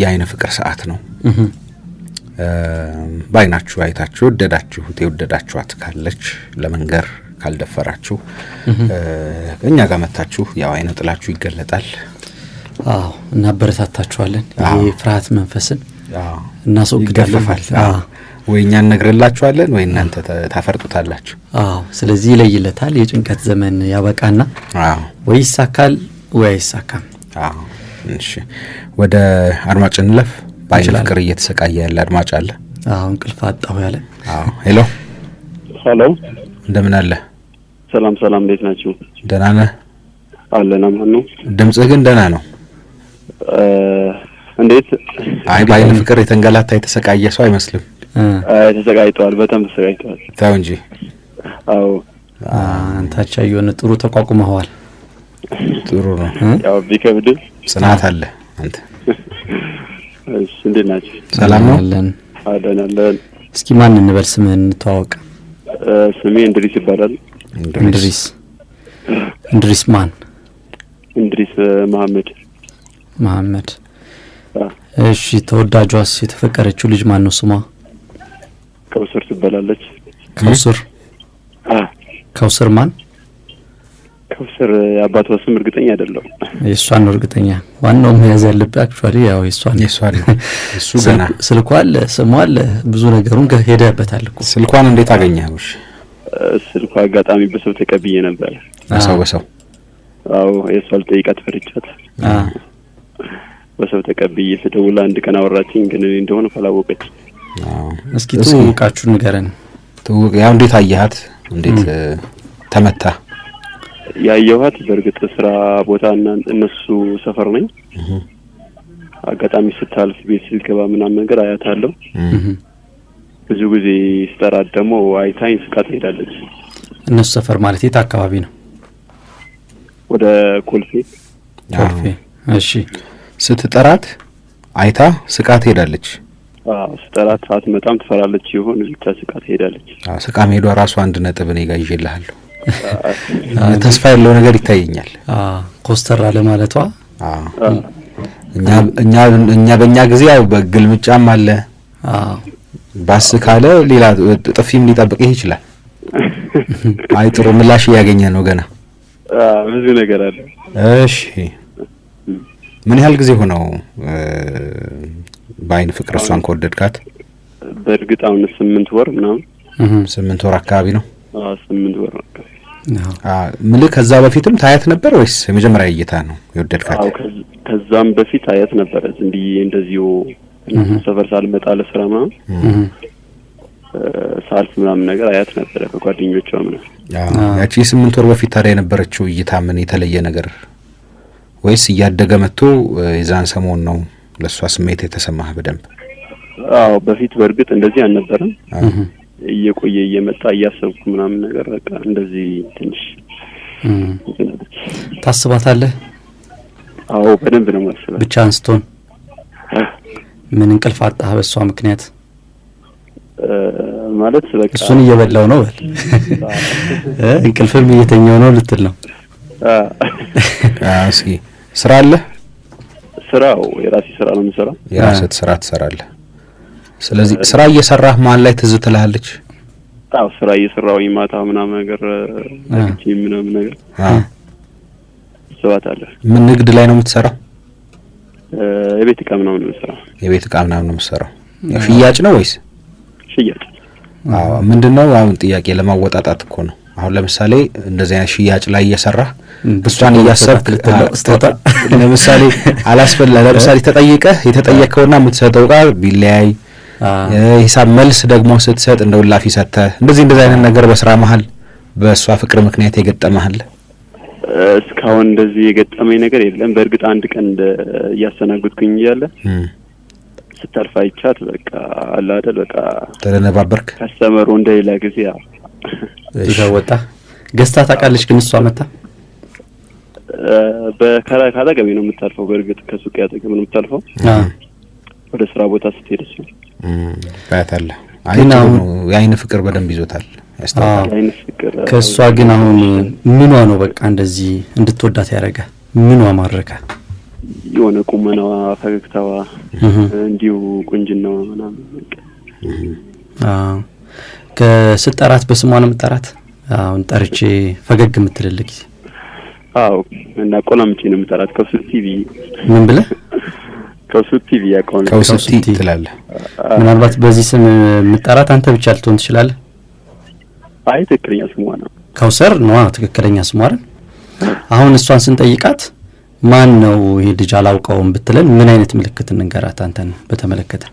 የአይነ ፍቅር ሰዓት ነው። በአይናችሁ አይታችሁ የወደዳችሁት የወደዳችኋት ካለች ለመንገር ካልደፈራችሁ እኛ ጋር መታችሁ ያው አይነ ጥላችሁ ይገለጣል። አዎ እናበረታታችኋለን። ይህ ፍርሃት መንፈስን እናስወግዳለንል ወይ እኛ እነግርላችኋለን ወይ እናንተ ታፈርጡታላችሁ። አዎ ስለዚህ ይለይለታል። የጭንቀት ዘመን ያበቃና ወይ ይሳካል ወይ አይሳካም። ወደ አድማጭ እንለፍ። በአይን ፍቅር እየተሰቃየ ያለ አድማጭ አለ። አሁን እንቅልፍ አጣሁ ያለ። ሄሎ ሄሎ፣ እንደምን አለ? ሰላም ሰላም፣ ቤት ናችሁ? ደና ነ አለን አማን ነው። ድምጽህ ግን ደና ነው። እንዴት? አይ በአይን ፍቅር የተንገላታ የተሰቃየ ሰው አይመስልም። ተሰቃይተዋል፣ በጣም ተሰቃይተዋል። ተው እንጂ። አዎ አንታቻ የሆነ ጥሩ ተቋቁመዋል። ጥሩ ነው። ያው ቢከብድም ጽናት አለ። አንተ እንዴት ናችሁ? ሰላም ነው አለን አለን። እስኪ ማን እንበል ስምህን እንተዋወቅ። ስሜ እንድሪስ ይባላል። እንድሪስ እንድሪስ ማን? እንድሪስ መሀመድ መሀመድ። እሺ፣ ተወዳጇስ የተፈቀረችው ልጅ ማን ነው ስሟ? ከውስር ትባላለች። ከውስር ከውስር ማን ከብስር አባቷ ስም እርግጠኛ አይደለሁም። የእሷን ነው እርግጠኛ። ዋናው መያዝ ያለብህ አክቹዋሊ ያው የእሷን የእሷን እሱ ገና ስልኳ አለ፣ ስሟ አለ፣ ብዙ ነገሩን ሄደበታል እኮ። ስልኳን እንዴት አገኘሽ? ስልኳ አጋጣሚ በሰው ተቀብዬ ነበር። በሰው በሰው? አዎ የእሷ ልጠይቃት ፈርቻት በሰው ተቀብዬ ስደውላ አንድ ቀን አወራችኝ፣ ግን እኔ እንደሆነ ካላወቀች። እስኪ ትውውቃችሁ ንገረን። ያው እንዴት አየሃት? እንዴት ተመታ? ያየኋት በእርግጥ ስራ ቦታ እና እነሱ ሰፈር ነኝ። አጋጣሚ ስታልፍ ቤት ስገባ ምናምን ነገር አያታለሁ። ብዙ ጊዜ ስጠራት ደግሞ አይታኝ ስቃ ትሄዳለች። እነሱ ሰፈር ማለት የት አካባቢ ነው? ወደ ኮልፌ። ኮልፌ። እሺ። ስትጠራት አይታ ስቃ ትሄዳለች። ስጠራት ሰዓት መጣም ትፈራለች። ይሆን ብቻ ስቃ ትሄዳለች። ስቃ መሄዷ ራሱ አንድ ነጥብ እኔ ጋር ይዤልሃለሁ። ተስፋ ያለው ነገር ይታየኛል። ኮስተር አለ ማለቷ እኛ እኛ በእኛ ጊዜ ያው በግልምጫም አለ ባስ ካለ ሌላ ጥፊም ሊጠብቅህ ይችላል። አይ ጥሩ ምላሽ እያገኘ ነው ገና ብዙ ነገር አለ። እሺ ምን ያህል ጊዜ ሆነው በአይን ፍቅር እሷን ከወደድካት? በእርግጥ አሁን ስምንት ወር ምናምን ስምንት ወር አካባቢ ነው። ስምንት ወር አካባቢ ምልህ ከዛ በፊትም ታያት ነበር ወይስ የመጀመሪያ እይታ ነው የወደድካት? ከዛም በፊት ታያት ነበረ። ዝም ብዬ እንደዚሁ ሰፈር ሳልመጣ ለስራ ምናምን ሳልፍ ምናምን ነገር አያት ነበረ ከጓደኞቿ ምናምን። ያቺ የስምንት ወር በፊት ታዲያ የነበረችው እይታ ምን የተለየ ነገር ወይስ እያደገ መጥቶ የዛን ሰሞን ነው ለእሷ ስሜት የተሰማህ በደንብ? አዎ በፊት በእርግጥ እንደዚህ አልነበረም። እየቆየ እየመጣ እያሰብኩ ምናምን ነገር በቃ እንደዚህ ትንሽ ታስባታለህ? አዎ በደንብ ነው ማስባት። ብቻ አንስቶን ምን እንቅልፍ አጣህ በእሷ ምክንያት? ማለት በቃ እሱን እየበላው ነው በል እንቅልፍም እየተኛው ነው ልትል ነው። እስኪ ስራ አለ? ስራው የራሴ ስራ ነው የምሰራው። የራሴ ስራ ትሰራለህ? ስለዚህ ስራ እየሰራህ መሀል ላይ ትዝ ትልሃለች። አዎ ስራ እየሰራሁኝ ማታ ምናምን ነገር አግኝቼ ምናምን ነገር አስባታለሁ። ምን ንግድ ላይ ነው የምትሰራው? የቤት እቃ ምናምን ነው የምትሰራው? የቤት እቃ ምናምን ነው የምትሰራው። ሽያጭ ነው ወይስ? ሽያጭ። አዎ ምንድን ነው አሁን ጥያቄ ለማወጣጣት እኮ ነው። አሁን ለምሳሌ እንደዚህ አይነት ሽያጭ ላይ እየሰራህ እሷን እያሰብክ ለምሳሌ አላስፈላ ለምሳሌ ተጠይቀህ የተጠየቀውና የምትሰጠው ቃል ቢለያይ የሂሳብ መልስ ደግሞ ስትሰጥ እንደ ውላፊ ሰጥተህ እንደዚህ እንደዚህ አይነት ነገር በስራ መሀል በእሷ ፍቅር ምክንያት የገጠመሃል? እስካሁን እንደዚህ የገጠመኝ ነገር የለም። በእርግጥ አንድ ቀን እንደ እያስተናግድኩኝ እያለ ስታልፍ አይቻት በቃ አለ አይደል በቃ ተደነባበርክ። ከስተመሩ እንደሌላ ጊዜ ወጣ ገዝታ ታውቃለች። ግን እሷ መታ በካራ ካጠገቤ ነው የምታልፈው። በእርግጥ ከሱቅ ያጠገብ ነው የምታልፈው። ወደ ስራ ቦታ ስትሄደች ያታለ ግን አሁን የአይን ፍቅር በደንብ ይዞታል ያስታውቃል። ከእሷ ግን አሁን ምኗ ነው በቃ እንደዚህ እንድትወዳት ያደረገ? ምኗ ማረከ? የሆነ ቁመናዋ፣ ፈገግታዋ፣ እንዲሁ ቁንጅናዋ ምናምን ከስጠራት በስሟ ነው የምጠራት። አሁን ጠርቼ ፈገግ የምትልል ጊዜ አዎ፣ እና ቆላምጬ ነው የምጠራት። ከሱ ቲቪ ምን ብለህ ከውሱቲ ብያ ከሆነ ከውሱቲ ምናልባት በዚህ ስም ምጠራት አንተ ብቻ ልትሆን ትችላለ። አይ ትክክለኛ ስሟ ነው ከውሰር ነዋ፣ ትክክለኛ ስሟ አይደል? አሁን እሷን ስንጠይቃት ማን ነው ይሄ ልጅ አላውቀውም ብትለን ምን አይነት ምልክት እንንገራት? አንተን በተመለከተ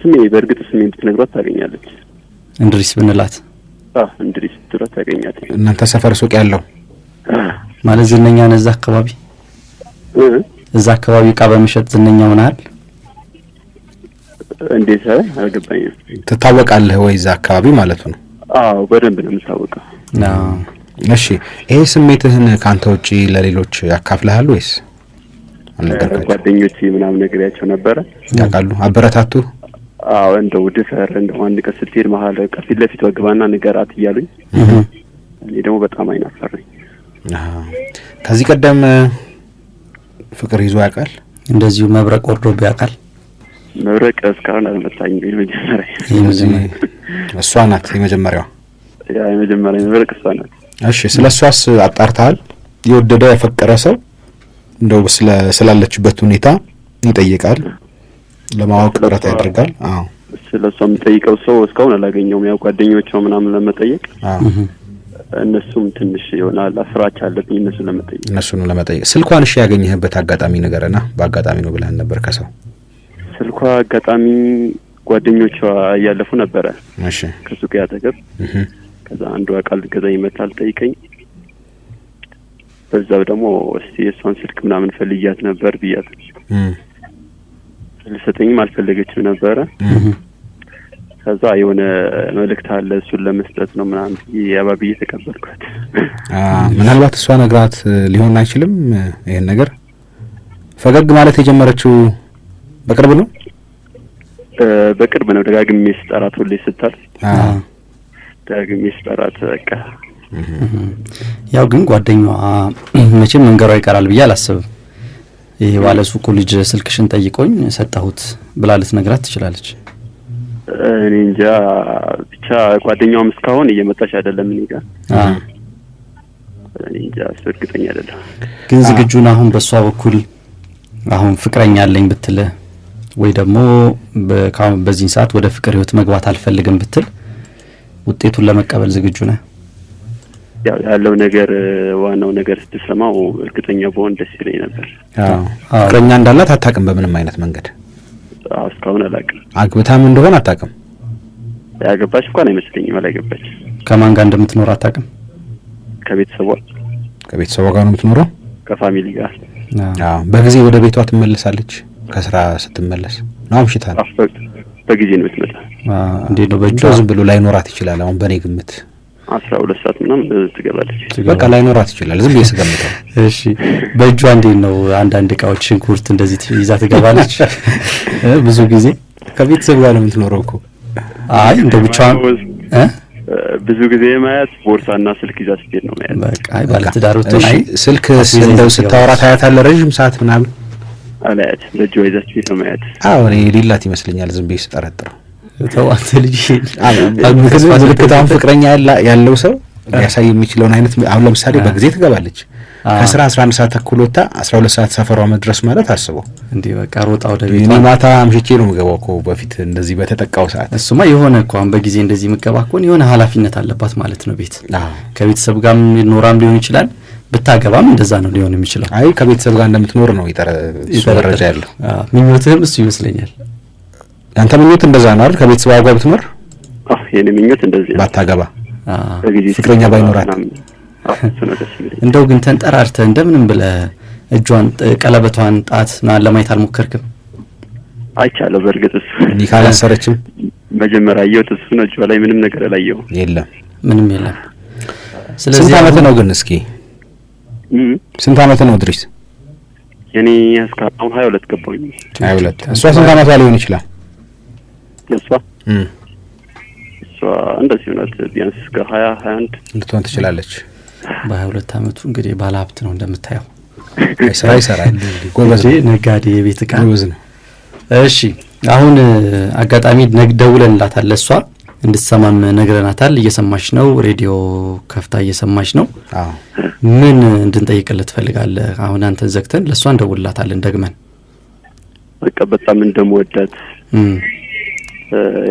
ስሜ በእርግጥ ስሜ ብትነግሯት ታገኛለች። እንድሪስ ብንላት እንድሪስ ብትላት ታገኛት። እናንተ ሰፈር ሱቅ ያለው ማለት ዝነኛ ነዛ አካባቢ እዛ አካባቢ እቃ በመሸጥ ዝነኛ ሆናል? እንዴት ሰ አልገባኝም። ትታወቃለህ ወይ እዛ አካባቢ ማለት ነው? አዎ በደንብ ነው የምታወቀው። እሺ ይሄ ስሜትህን ከአንተ ውጪ ለሌሎች ያካፍልሃል ወይስ? ጓደኞች ምናምን ነግሬያቸው ነበረ። ያውቃሉ? አበረታቱ? አዎ እንደው ድፈር፣ እንደው አንድ ቀን ስትሄድ መሀል ፊት ለፊት ወግባና ንገራት እያሉኝ እኔ ደግሞ በጣም አይናፈረኝ። ከዚህ ቀደም ፍቅር ይዞ ያውቃል? እንደዚሁ መብረቅ ወርዶ ቢያውቃል? መብረቅ እስካሁን አልመታኝ። የመጀመሪያ እሷ ናት የመጀመሪያዋ፣ የመጀመሪያ መብረቅ እሷ ናት። እሺ ስለ እሷስ አጣርተሃል? የወደደ ያፈቀረ ሰው እንደው ስላለችበት ሁኔታ ይጠይቃል፣ ለማወቅ ጥረት ያደርጋል። አዎ ስለ እሷ የምጠይቀው ሰው እስካሁን አላገኘውም። ያው ጓደኞቿ ምናምን ለመጠየቅ እነሱም ትንሽ ይሆናል ፍራቻ አለብኝ እነሱን ለመጠየቅ እነሱን ለመጠየቅ። ስልኳን እሺ ያገኘህበት አጋጣሚ ነገር ና በአጋጣሚ ነው ብለህን ነበር ከሰው ስልኳ አጋጣሚ ጓደኞቿ እያለፉ ነበረ እሺ ከሱቅ ያጠገብ። ከዛ አንዱ አቃል ገዛ ይመታል ጠይቀኝ። በዛው ደግሞ እስቲ የእሷን ስልክ ምናምን ፈልያት ነበር ብያት ልሰጠኝም አልፈለገችም ነበረ ከዛ የሆነ መልእክት አለ እሱን ለመስጠት ነው ምናምን የአባ ብዬ ምናልባት እሷ ነግራት ሊሆን አይችልም። ይህን ነገር ፈገግ ማለት የጀመረችው በቅርብ ነው በቅርብ ነው። ደጋግሜ ስጠራት ሁሌ ስታል ደጋግሜ ስጠራት በቃ ያው ግን ጓደኛዋ መቼም መንገሯ ይቀራል ብዬ አላስብም። ይህ ባለ ሱቁ ልጅ ስልክሽን ጠይቆኝ ሰጠሁት ብላ ልትነግራት ትችላለች። እኔ እንጃ ብቻ ጓደኛውም እስካሁን እየመጣች አይደለም። እኔ ጋር እኔ እንጃ እሱ እርግጠኛ አይደለም። ግን ዝግጁን አሁን በእሷ በኩል አሁን ፍቅረኛ አለኝ ብትል ወይ ደግሞ በዚህን ሰዓት ወደ ፍቅር ህይወት መግባት አልፈልግም ብትል ውጤቱን ለመቀበል ዝግጁ ነህ? ያው ያለው ነገር ዋናው ነገር ስትሰማው እርግጠኛ በሆን ደስ ይለኝ ነበር። ፍቅረኛ እንዳላት አታውቅም በምንም አይነት መንገድ እስካሁን አላውቅም። አግብታም እንደሆን አታውቅም? ያገባች እንኳን አይመስለኝም። አላገባች። ከማን ጋር እንደምትኖር አታውቅም? ከቤተሰቧ ከቤተሰቧ ጋር ነው የምትኖረው፣ ከፋሚሊ ጋር። በጊዜ ወደ ቤቷ ትመለሳለች? ከስራ ስትመለስ ነው አምሽታ ነው በጊዜ ነው የምትመጣ። እንዴት ነው በእጇ ዝም ብሎ ላይኖራት ይችላል። አሁን በእኔ ግምት አስራ ሁለት ሰዓት ምናምን ትገባለች። በቃ ላይኖራት ይችላል፣ ዝም ብዬ ስገምተው። እሺ በእጇ እንዴት ነው? አንዳንድ እቃዎች ሽንኩርት እንደዚህ ይዛ ትገባለች። ብዙ ጊዜ ከቤተሰብ ጋር ነው የምትኖረው እኮ። አይ እንደ ብቻዋን ብዙ ጊዜ ማያት ቦርሳና ስልክ ይዛ ስትሄድ ነው ማያት። በቃ አይ ባለትዳሮች ስልክ እንደው ስታወራ ታያታለህ ረዥም ሰዓት ምናምን አላያት፣ በእጇ ይዛ ስትሄድ ነው ማያት። አዎ እኔ ሌላት ይመስለኛል ዝም ብዬ ስጠረጥረው ተዋት ልጅ ምልክታውን ፍቅረኛ ያለው ሰው ሊያሳይ የሚችለውን አይነት አሁን ለምሳሌ በጊዜ ትገባለች። ከስራ 11 ሰዓት ተኩል ወጣ 12 ሰዓት ሰፈሯ መድረስ ማለት አስበው እንዲህ በቃ ሮጣ ወደ ቤት ማታ አምሽቼ ነው የምገባው እኮ በፊት እንደዚህ በተጠቃው ሰዓት። እሱማ የሆነ እኮ አሁን በጊዜ እንደዚህ የምገባ ከሆነ የሆነ ኃላፊነት አለባት ማለት ነው። ቤት ከቤተሰብ ጋር ኖራም ሊሆን ይችላል ብታገባም እንደዛ ነው ሊሆን የሚችለው። አይ ከቤተሰብ ጋር እንደምትኖር ነው ይጠረ መረጃ ያለው። ምኞትህም እሱ ይመስለኛል። ያንተ ምኞት እንደዛ ነው አይደል? ከቤተሰብ ጋር ብትመር የኔ ምኞት እንደዚህ ነው። ባታገባ ፍቅረኛ ባይኖራት እንደው ግን ተንጠራርተ እንደምንም ብለህ እጇን ቀለበቷን ጣት ምናምን ለማየት አልሞከርክም? አይቻለሁ። በእርግጥ እሱ ኒካ አላሰረችም። መጀመሪያ አየሁት እሱ ነው። እጇ ላይ ምንም ነገር አላየሁም። የለም ምንም የለም። ስለዚህ ስንት አመት ነው ግን እስኪ ስንት አመት ነው ድሪስ? የኔ እስካሁን ሀያ ሁለት ገባሁኝ። ሀያ ሁለት እሷ ስንት አመቷ ሊሆን ይችላል? የእሷ እሷ እንደዚህ ነት ቢያንስ እስከ ሀያ ሀያ አንድ ልትሆን ትችላለች። በሀያ ሁለት አመቱ እንግዲህ ባለ ሀብት ነው እንደምታየው፣ ስራ ይሰራል፣ ጎበዝ ነጋዴ፣ የቤት እቃ ጎበዝ ነው። እሺ አሁን አጋጣሚ ደውለንላታል ለእሷ እንድትሰማም ነግረናታል። እየሰማች ነው፣ ሬዲዮ ከፍታ እየሰማች ነው። ምን እንድንጠይቅልህ ትፈልጋለህ? አሁን አንተን ዘግተን ለእሷ እንደውልላታለን ደግመን በቃ በጣም እንደምወዳት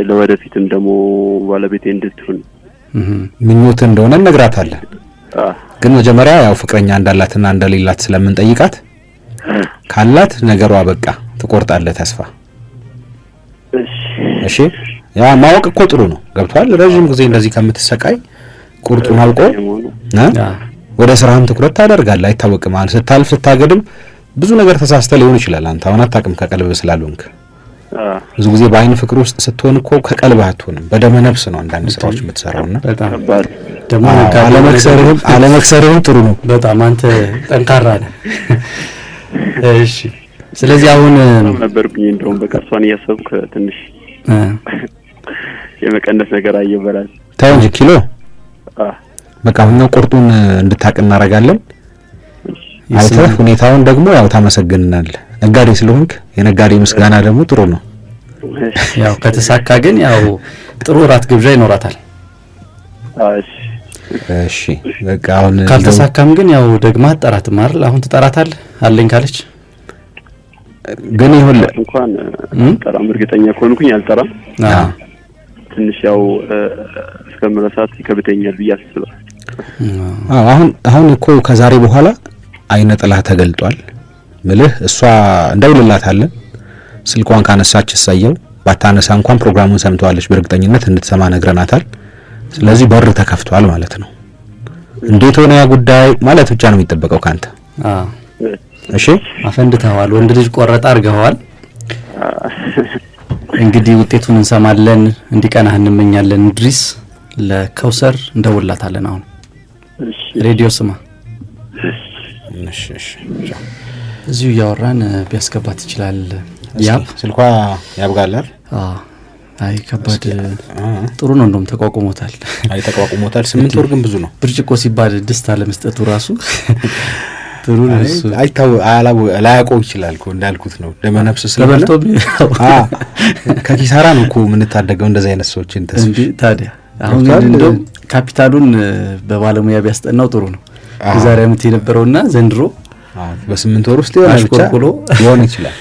ለወደፊትም ደግሞ ባለቤቴ እንድትሆን ምኞት እንደሆነ እነግራታለን። ግን መጀመሪያ ያው ፍቅረኛ እንዳላትና እንደሌላት ስለምንጠይቃት ካላት ነገሯ በቃ ትቆርጣለህ ተስፋ። እሺ ያ ማወቅ እኮ ጥሩ ነው። ገብቷል። ረዥም ጊዜ እንደዚህ ከምትሰቃይ ቁርጡን አውቆ ወደ ስራህም ትኩረት ታደርጋለህ። አይታወቅም፣ ስታልፍ ስታገድም ብዙ ነገር ተሳስተ ሊሆን ይችላል። አንተ አሁን አታውቅም ከቀልብ ስላልሆንክ ብዙ ጊዜ በአይን ፍቅር ውስጥ ስትሆን እኮ ከቀልብ አትሆንም፣ በደመ ነፍስ ነው አንዳንድ ስራዎች የምትሰራው። ና አለመክሰርህም ጥሩ ነው። በጣም አንተ ጠንካራ ነህ። እሺ፣ ስለዚህ አሁን ነበርኩኝ እንደውም በቃ እሷን እያሰብኩ ትንሽ የመቀነስ ነገር አየበላል። ተው እንጂ ኪሎ በቃ ሁኛው ቁርጡን እንድታቅ እናደርጋለን። አይተህ ሁኔታውን ደግሞ ያው ታመሰግንናል። ነጋዴ ስለሆንክ የነጋዴ ምስጋና ደግሞ ጥሩ ነው። ያው ከተሳካ ግን ያው ጥሩ እራት ግብዣ ይኖራታል። እሺ በቃ አሁን ካልተሳካም ግን ያው ደግማ ጠራት ማርል አሁን ትጠራታል አለኝ ካለች ግን ይሁን እንኳን ጠራም እርግጠኛ ከሆንኩኝ አልጠራም። ትንሽ ያው እስከምረሳት ይከብደኛል ብዬ አስባለሁ። አሁን አሁን እኮ ከዛሬ በኋላ አይነ ጥላ ተገልጧል። ምልህ እሷ እንደውልላታለን። ስልኳን ካነሳች እሳየው፣ ባታነሳ እንኳን ፕሮግራሙን ሰምተዋለች። በእርግጠኝነት እንድትሰማ ነግረናታል። ስለዚህ በር ተከፍቷል ማለት ነው። እንዴት ሆነ ያ ጉዳይ ማለት ብቻ ነው የሚጠበቀው ካንተ። እሺ አፈንድተዋል፣ ወንድ ልጅ ቆረጣ አድርገዋል። እንግዲህ ውጤቱን እንሰማለን፣ እንዲቀናህ እንመኛለን። ድሪስ ለከውሰር እንደውላታለን። አሁን ሬዲዮ ስማ እዚሁ እያወራን ቢያስገባት ይችላል። ያብ ስልኳ ያብጋላል። አይ ከባድ ጥሩ ነው። እንደውም ተቋቁሞታል። አይ ተቋቁሞታል። ስምንት ወር ግን ብዙ ነው። ብርጭቆ ሲባል ደስታ ለመስጠቱ ራሱ ጥሩ ላያውቀው ይችላል። እንዳልኩት ነው ስለበልቶ ከኪሳራ ነው እኮ የምንታደገው እንደዚህ አይነት ሰዎችን። ታዲያ አሁን ካፒታሉን በባለሙያ ቢያስጠናው ጥሩ ነው። የዛሬ ዓመት የነበረውና ዘንድሮ በስምንት ወር ውስጥ የሆነ ብቻ ሊሆን ይችላል።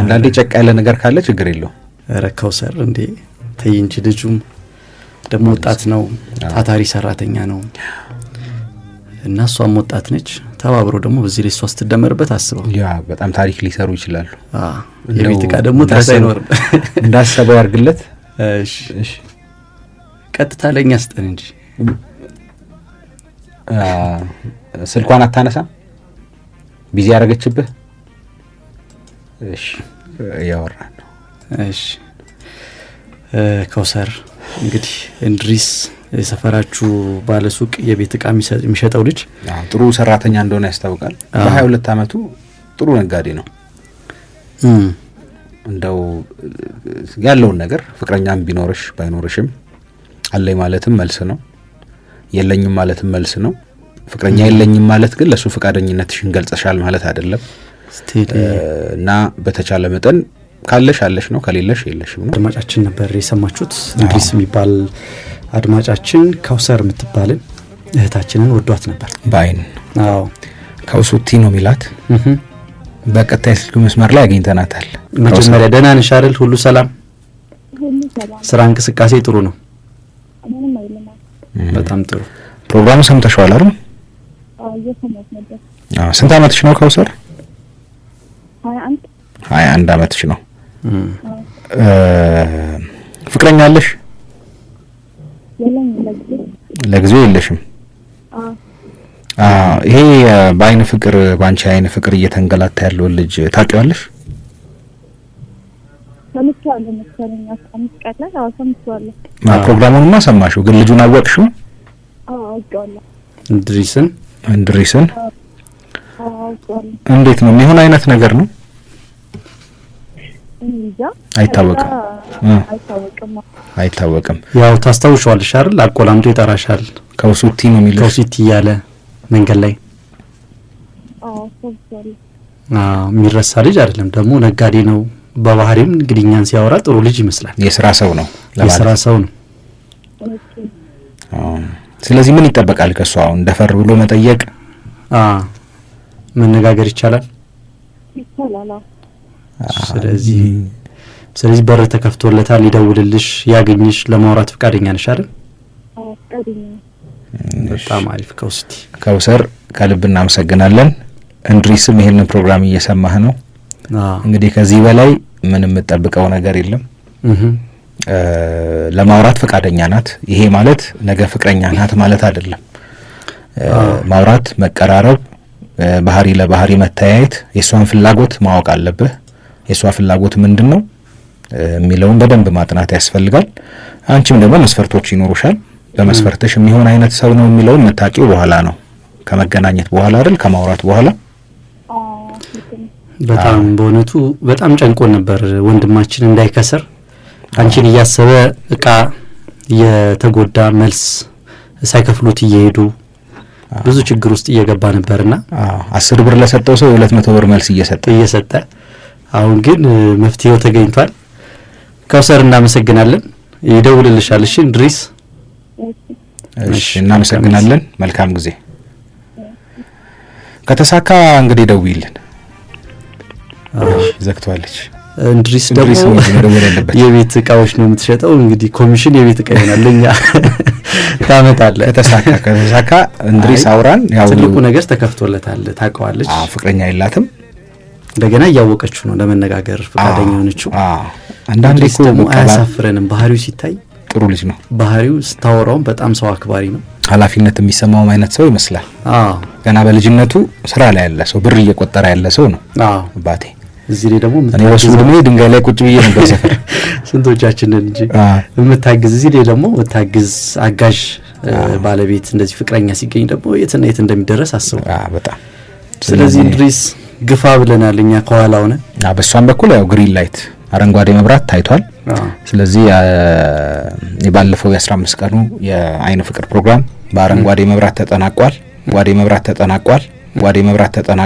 አንዳንዴ ጨቃ ያለ ነገር ካለ ችግር የለው። ረካው ሰር እንዴ ተይ እንጂ ልጁም ደግሞ ወጣት ነው፣ ታታሪ ሰራተኛ ነው እና እሷም ወጣት ነች። ተባብሮ ደግሞ በዚህ ላይ እሷ ስትደመርበት አስበው በጣም ታሪክ ሊሰሩ ይችላሉ። የቤት እቃ ደግሞ ታስ አይኖርም። እንዳሰበው ያርግለት። ቀጥታ ለእኛ ስጠን እንጂ ስልኳን አታነሳ ቢዚ ያደረገችብህ። እሺ ነው። እሺ ከውሰር እንግዲህ እንድሪስ የሰፈራችሁ ባለሱቅ የቤት እቃ የሚሸጠው ልጅ ጥሩ ሰራተኛ እንደሆነ ያስታውቃል። በሀያ ሁለት አመቱ ጥሩ ነጋዴ ነው። እንደው ያለውን ነገር ፍቅረኛም ቢኖርሽ ባይኖርሽም አለኝ ማለትም መልስ ነው። የለኝም ማለት መልስ ነው። ፍቅረኛ የለኝም ማለት ግን ለእሱ ፈቃደኝነትሽን ገልጸሻል ማለት አይደለም እና በተቻለ መጠን ካለሽ አለሽ ነው፣ ከሌለሽ የለሽም ነው። አድማጫችን ነበር የሰማችሁት። እንድሪስ የሚባል አድማጫችን ካውሰር የምትባልን እህታችንን ወዷት ነበር በአይን አዎ፣ ካውሱቲ ነው የሚላት። በቀጥታ የስልክ መስመር ላይ አግኝተናታል። መጀመሪያ ደህና ነሽ አይደል? ሁሉ ሰላም፣ ስራ እንቅስቃሴ ጥሩ ነው? በጣም ጥሩ ፕሮግራሙ ሰምተሽዋል አይደል? አዎ። ስንት አመትሽ ነው ከውሰር? ሀያ አንድ አመትሽ ነው። ፍቅረኛ አለሽ? ለጊዜው የለሽም። ይሄ በአይን ፍቅር በአንቺ አይን ፍቅር እየተንገላታ ያለውን ልጅ ታውቂዋለሽ? ሰምቼዋለሁ መሰለኝ አስራ አምስት ቀን ላይ አዎ ሰምቼዋለሁ። ፕሮግራሙንማ ሰማሽው፣ ግን ልጁን አወቅሽው? እንድሪስን እንድሪስን እንዴት ነው የሚሆን? አይነት ነገር ነው አይታወቅም፣ አይታወቅም። ያው ታስታውሻለሽ አይደል? አቆላምጦ ይጠራሻል። ከውሱቲ ነው የሚልሽ፣ ከውሱቲ እያለ መንገድ ላይ የሚረሳ ልጅ አይደለም። ደግሞ ነጋዴ ነው በባህሪም እንግዲህ እኛን ሲያወራ ጥሩ ልጅ ይመስላል። የስራ ሰው ነው፣ የስራ ሰው ነው። ስለዚህ ምን ይጠበቃል ከእሱ? አሁን ደፈር ብሎ መጠየቅ፣ መነጋገር ይቻላል። ስለዚህ ስለዚህ በር ተከፍቶለታል። ሊደውልልሽ፣ ያገኝሽ፣ ለማውራት ፈቃደኛ ነሽ አይደል? በጣም አሪፍ ከውስቲ ከውሰር ከልብ እናመሰግናለን። እንድሪስም ይሄንን ፕሮግራም እየሰማህ ነው እንግዲህ ከዚህ በላይ ምን የምጠብቀው ነገር የለም። ለማውራት ፈቃደኛ ናት። ይሄ ማለት ነገ ፍቅረኛ ናት ማለት አይደለም። ማውራት፣ መቀራረብ፣ ባህሪ ለባህሪ መተያየት፣ የእሷን ፍላጎት ማወቅ አለብህ። የእሷ ፍላጎት ምንድን ነው የሚለውን በደንብ ማጥናት ያስፈልጋል። አንቺም ደግሞ መስፈርቶች ይኖሩሻል። በመስፈርትሽ የሚሆን አይነት ሰው ነው የሚለውን መታቂው በኋላ ነው ከመገናኘት በኋላ አይደል? ከማውራት በኋላ በጣም በእውነቱ በጣም ጨንቆን ነበር ወንድማችን እንዳይከስር አንቺን እያሰበ እቃ እየተጎዳ መልስ ሳይከፍሉት እየሄዱ ብዙ ችግር ውስጥ እየገባ ነበርና አስር ብር ለሰጠው ሰው የሁለት መቶ ብር መልስ እየሰጠ እየሰጠ አሁን ግን መፍትሄው ተገኝቷል። ከውሰር እናመሰግናለን። ይደውልልሻል። እሺ እንድሪስ፣ እሺ እናመሰግናለን። መልካም ጊዜ ከተሳካ እንግዲህ ደውይልን። ዘግቷለች። እንድሪስ ደግሞ የቤት እቃዎች ነው የምትሸጠው። እንግዲህ ኮሚሽን የቤት እቃ ይሆናል ለኛ ታመጣለ። ከተሳካ ከተሳካ እንድሪስ አውራን ትልቁ ነገር ተከፍቶለታል። ታውቀዋለች። ፍቅረኛ የላትም። እንደገና እያወቀችው ነው ለመነጋገር ፈቃደኛ የሆነችው። አንዳንድ ደግሞ አያሳፍረንም። ባህሪው ሲታይ ጥሩ ልጅ ነው። ባህሪው ስታወራውም በጣም ሰው አክባሪ ነው። ኃላፊነት የሚሰማውም አይነት ሰው ይመስላል። ገና በልጅነቱ ስራ ላይ ያለ ሰው፣ ብር እየቆጠረ ያለ ሰው ነው አባቴ እዚህ ላይ ደግሞ እኔ ወስዱም ድንጋይ ላይ ቁጭ ብዬ ነበር ሰፈር ስንቶቻችንን እንጂ የምታግዝ እዚህ ላይ ደግሞ የምታግዝ አጋዥ ባለቤት እንደዚህ ፍቅረኛ ሲገኝ ደግሞ የትና የት እንደሚደረስ አስቡ። በጣም ስለዚህ እንድሪስ ግፋ ብለናል እኛ ከኋላ ሆነ። በእሷም በኩል ያው ግሪን ላይት አረንጓዴ መብራት ታይቷል። ስለዚህ የባለፈው የ15 ቀኑ የአይን ፍቅር ፕሮግራም በአረንጓዴ መብራት ተጠናቋል። ጓዴ መብራት ተጠናቋል። ጓዴ መብራት ተጠናቋል።